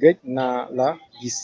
gëj naa la gis